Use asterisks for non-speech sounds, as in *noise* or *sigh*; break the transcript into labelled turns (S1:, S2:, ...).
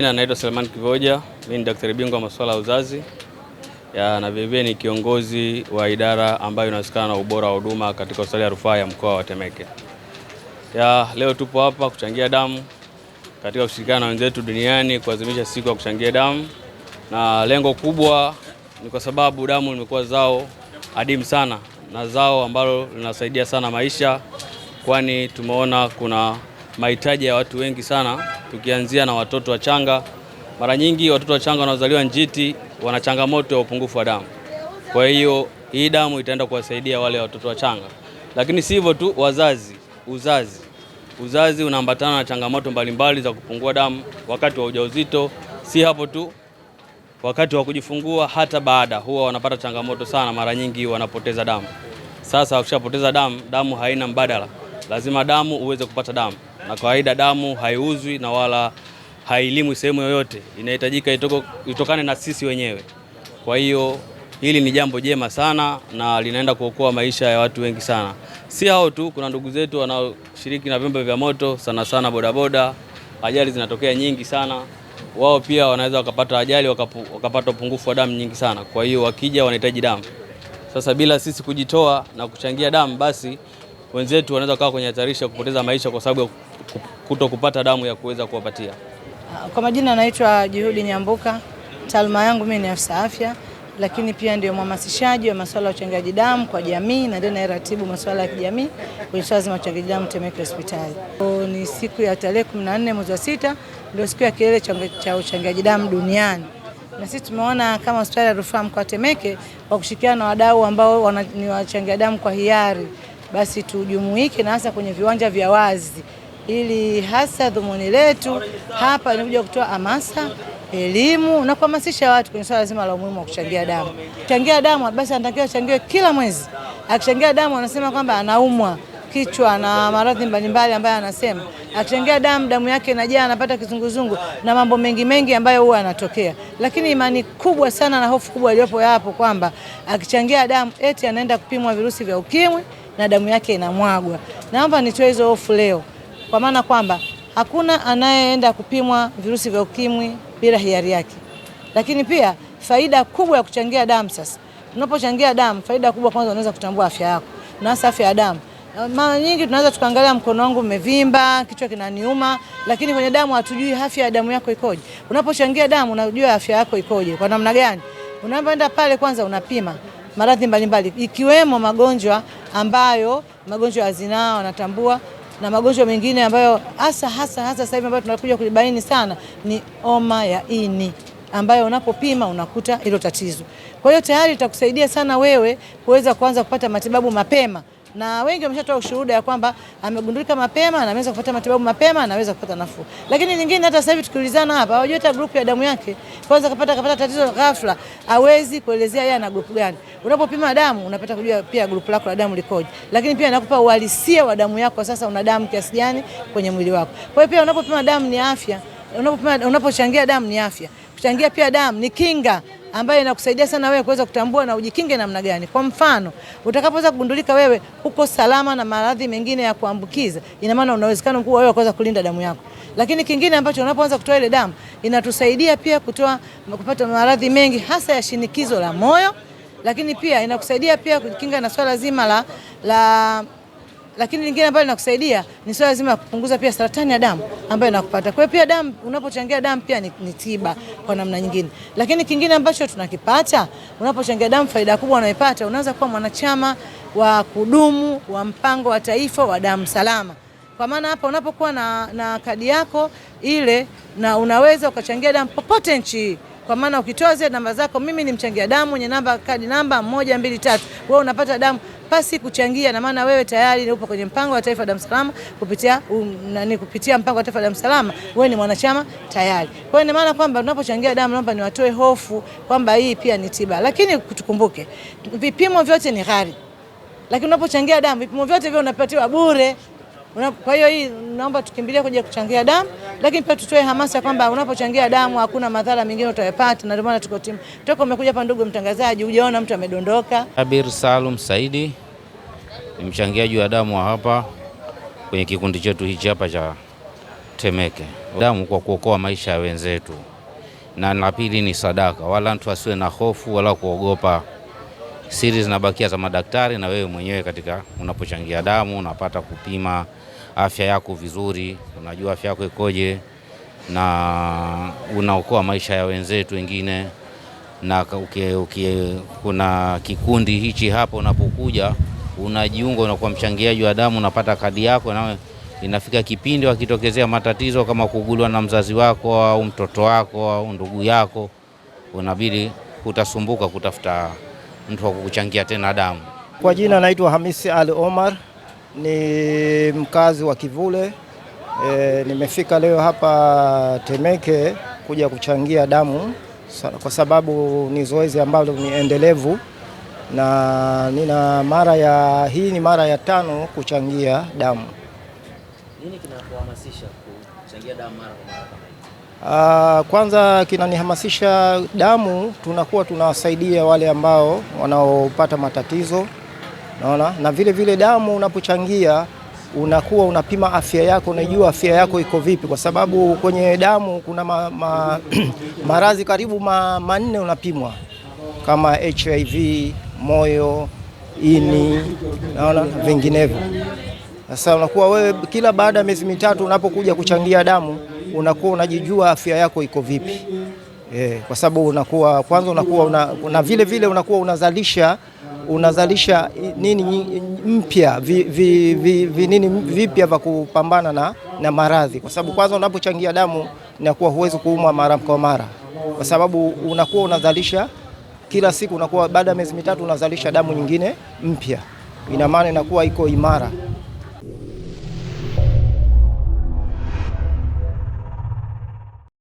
S1: Mimi naitwa Selman Kivoja, mimi ni daktari bingwa wa masuala ya uzazi ya, na vilevile ni kiongozi wa idara ambayo inahusikana na ubora wa huduma katika hospitali ya rufaa ya mkoa wa Temeke. Ya, leo tupo hapa kuchangia damu katika kushirikiana na wenzetu duniani kuadhimisha siku ya kuchangia damu, na lengo kubwa ni kwa sababu damu limekuwa zao adimu sana na zao ambalo linasaidia sana maisha, kwani tumeona kuna mahitaji ya watu wengi sana, tukianzia na watoto wachanga. Mara nyingi watoto wachanga wanaozaliwa njiti wana changamoto ya upungufu wa damu, kwa hiyo hii damu itaenda kuwasaidia wale watoto wachanga, lakini si hivyo tu, wazazi uzazi uzazi unaambatana na changamoto mbalimbali za kupungua damu wakati wa ujauzito. Si hapo tu, wakati wa kujifungua, hata baada huwa wanapata changamoto sana. Mara nyingi wanapoteza damu. Sasa wakishapoteza damu, damu haina mbadala, lazima damu uweze kupata damu na kawaida damu haiuzwi na wala hailimwi sehemu yoyote, inahitajika itoko, itokane na sisi wenyewe. Kwa hiyo hili ni jambo jema sana na linaenda kuokoa maisha ya watu wengi sana. Si hao tu, kuna ndugu zetu wanaoshiriki na vyombo vya moto sana sana bodaboda, ajali zinatokea nyingi sana. Wao pia wanaweza wakapata ajali wakapu, wakapata upungufu wa damu nyingi sana. Kwa hiyo wakija wanahitaji damu. Sasa bila sisi kujitoa na kuchangia damu, basi wenzetu wanaweza kuwa kwenye hatarisha kupoteza maisha kwa sababu ya kuto kupata damu ya kuweza kuwapatia.
S2: Ah, kwa majina naitwa Juhudi Nyambuka. Taaluma yangu mimi ni afisa afya, lakini pia ndio mhamasishaji wa masuala ya uchangiaji damu kwa jamii na ndio nairatibu masuala ya kijamii kwenye swala zima uchangiaji damu Temeke hospitali. Ni siku ya tarehe 14 mwezi wa sita ndio siku ya kilele cha uchangiaji damu duniani na sisi tumeona kama hospitali ya rufaa mkoa Temeke kwa kushirikiana na wadau ambao wana, ni wachangia damu kwa hiari, basi tujumuike na hasa kwenye viwanja vya wazi ili hasa dhumuni letu hapa ni kuja kutoa hamasa, elimu na kuhamasisha watu kwenye swala zima la umuhimu wa kuchangia damu. Kuchangia damu basi anatakiwa achangiwe kila mwezi. Akichangia damu anasema kwamba anaumwa kichwa na maradhi mbalimbali ambayo anasema. Akichangia damu, damu yake inajaa, anapata kizunguzungu na mambo mengi mengi ambayo huwa yanatokea. Lakini imani kubwa sana na hofu kubwa iliyopo hapo kwamba akichangia damu eti anaenda kupimwa virusi vya ukimwi na damu yake inamwagwa. Naomba nitoe hizo hofu leo kwa maana kwamba hakuna anayeenda kupimwa virusi vya ukimwi bila hiari yake. Lakini pia faida kubwa ya kuchangia damu sasa, tunapochangia damu, faida kubwa kwanza, unaweza kutambua afya yako na hasa afya ya damu. Mara nyingi tunaweza tukaangalia mkono wangu umevimba, kichwa kinaniuma, lakini kwenye damu hatujui afya ya damu yako ikoje. Unapochangia damu unajua afya yako ikoje kwa namna gani. Unapoenda pale, kwanza unapima maradhi mbalimbali ikiwemo magonjwa ambayo magonjwa ya zinaa wanatambua na magonjwa mengine ambayo hasa hasa hasa sasa hivi ambayo tunakuja kulibaini sana ni homa ya ini ambayo unapopima unakuta hilo tatizo. Kwa hiyo tayari itakusaidia sana wewe kuweza kuanza kupata matibabu mapema na wengi wameshatoa ushuhuda ya kwamba amegundulika mapema na ameweza kupata matibabu mapema na ameweza kupata nafuu. Lakini nyingine hata sasa hivi tukiulizana hapa, hawajui hata grupu ya damu yake. Kwanza kapata kapata tatizo ghafla, hawezi kuelezea yeye ana grupu gani. Unapopima damu unapata kujua pia grupu lako la damu likoje, lakini pia inakupa uhalisia wa damu yako, sasa una damu kiasi gani kwenye mwili wako. Kwa hiyo pia unapopima damu ni afya, unapopima unapochangia damu ni afya, kuchangia pia damu ni kinga ambayo inakusaidia sana wewe kuweza kutambua na ujikinge namna gani. Kwa mfano, utakapoweza kugundulika wewe uko salama na maradhi mengine ya kuambukiza, ina maana una uwezekano mkubwa wewe kuweza kulinda damu yako. Lakini kingine ambacho unapoanza kutoa ile damu, inatusaidia pia kutoa kupata maradhi mengi hasa ya shinikizo la moyo, lakini pia inakusaidia pia kujikinga na swala zima la, la lakini lingine ambalo linakusaidia ni swala zima kupunguza pia saratani ya damu ambayo inakupata. Kwa hiyo pia damu, unapochangia damu pia ni, ni tiba kwa namna nyingine. Lakini kingine ambacho tunakipata unapochangia damu, faida kubwa unaipata, unaweza kuwa mwanachama wa kudumu wa mpango wa taifa wa damu salama. Kwa maana hapa unapokuwa na, na kadi yako ile na unaweza ukachangia damu popote nchi hii kwa maana ukitoa zile namba zako, mimi ni mchangia damu mwenye namba kadi namba moja mbili tatu, wewe unapata damu pasi kuchangia, na maana wewe tayari upo kwenye mpango wa taifa damu salama kupitia um, nani, kupitia mpango wa taifa damu salama, wewe ni mwanachama tayari. Kwa hiyo ina maana kwamba tunapochangia damu, naomba niwatoe hofu kwamba hii pia ni tiba, lakini tukumbuke vipimo vyote ni ghali, lakini unapochangia damu vipimo vyote vile unapatiwa bure. Kwa hiyo hii naomba tukimbilia kuja kuchangia damu lakini pia tutoe hamasa kwamba unapochangia damu hakuna madhara mengine utayopata, na ndio maana tuko timu. Toka umekuja hapa ndugu mtangazaji, hujaona mtu amedondoka.
S3: Abir Salum Saidi ni mchangiaji wa damu wa hapa kwenye kikundi chetu hichi hapa cha Temeke. Damu kwa kuokoa maisha ya wenzetu, na la pili ni sadaka, wala mtu asiwe na hofu wala kuogopa. Siri zinabakia za madaktari na wewe mwenyewe, katika unapochangia damu unapata kupima afya yako vizuri, unajua afya yako ikoje, na unaokoa maisha ya wenzetu wengine. Na uke, uke, kuna kikundi hichi hapa, unapokuja unajiunga, unakuwa mchangiaji wa damu, unapata kadi yako, na inafika kipindi wakitokezea matatizo kama kuguliwa na mzazi wako au mtoto wako au ndugu yako, unabidi utasumbuka kutafuta mtu wa kukuchangia tena damu.
S4: Kwa jina naitwa Hamisi Ali Omar. Ni mkazi wa Kivule. E, nimefika leo hapa Temeke kuja kuchangia damu kwa sababu ni zoezi ambalo ni endelevu na nina mara ya hii ni mara ya tano kuchangia damu.
S5: Nini kinakuhamasisha kuchangia damu mara kwa mara
S4: Uh, kwanza kinanihamasisha damu, tunakuwa tunawasaidia wale ambao wanaopata matatizo naona. Na vile vile damu unapochangia unakuwa unapima afya yako, unajua afya yako iko vipi, kwa sababu kwenye damu kuna ma, ma, *clears throat* maradhi karibu ma, manne unapimwa kama HIV, moyo, ini, naona vinginevyo. Sasa unakuwa wewe kila baada ya miezi mitatu unapokuja kuchangia damu unakuwa unajijua afya yako iko vipi. E, kwa sababu unakuwa kwanza unakuwa una, na vile vile unakuwa unazalisha unazalisha nini mpya vi, vi, vi, vi, nini vipya vya kupambana na, na maradhi, kwa sababu kwanza unapochangia damu inakuwa huwezi kuumwa mara kwa mara, kwa sababu unakuwa unazalisha kila siku, unakuwa baada ya miezi mitatu unazalisha damu nyingine mpya, ina maana inakuwa iko imara.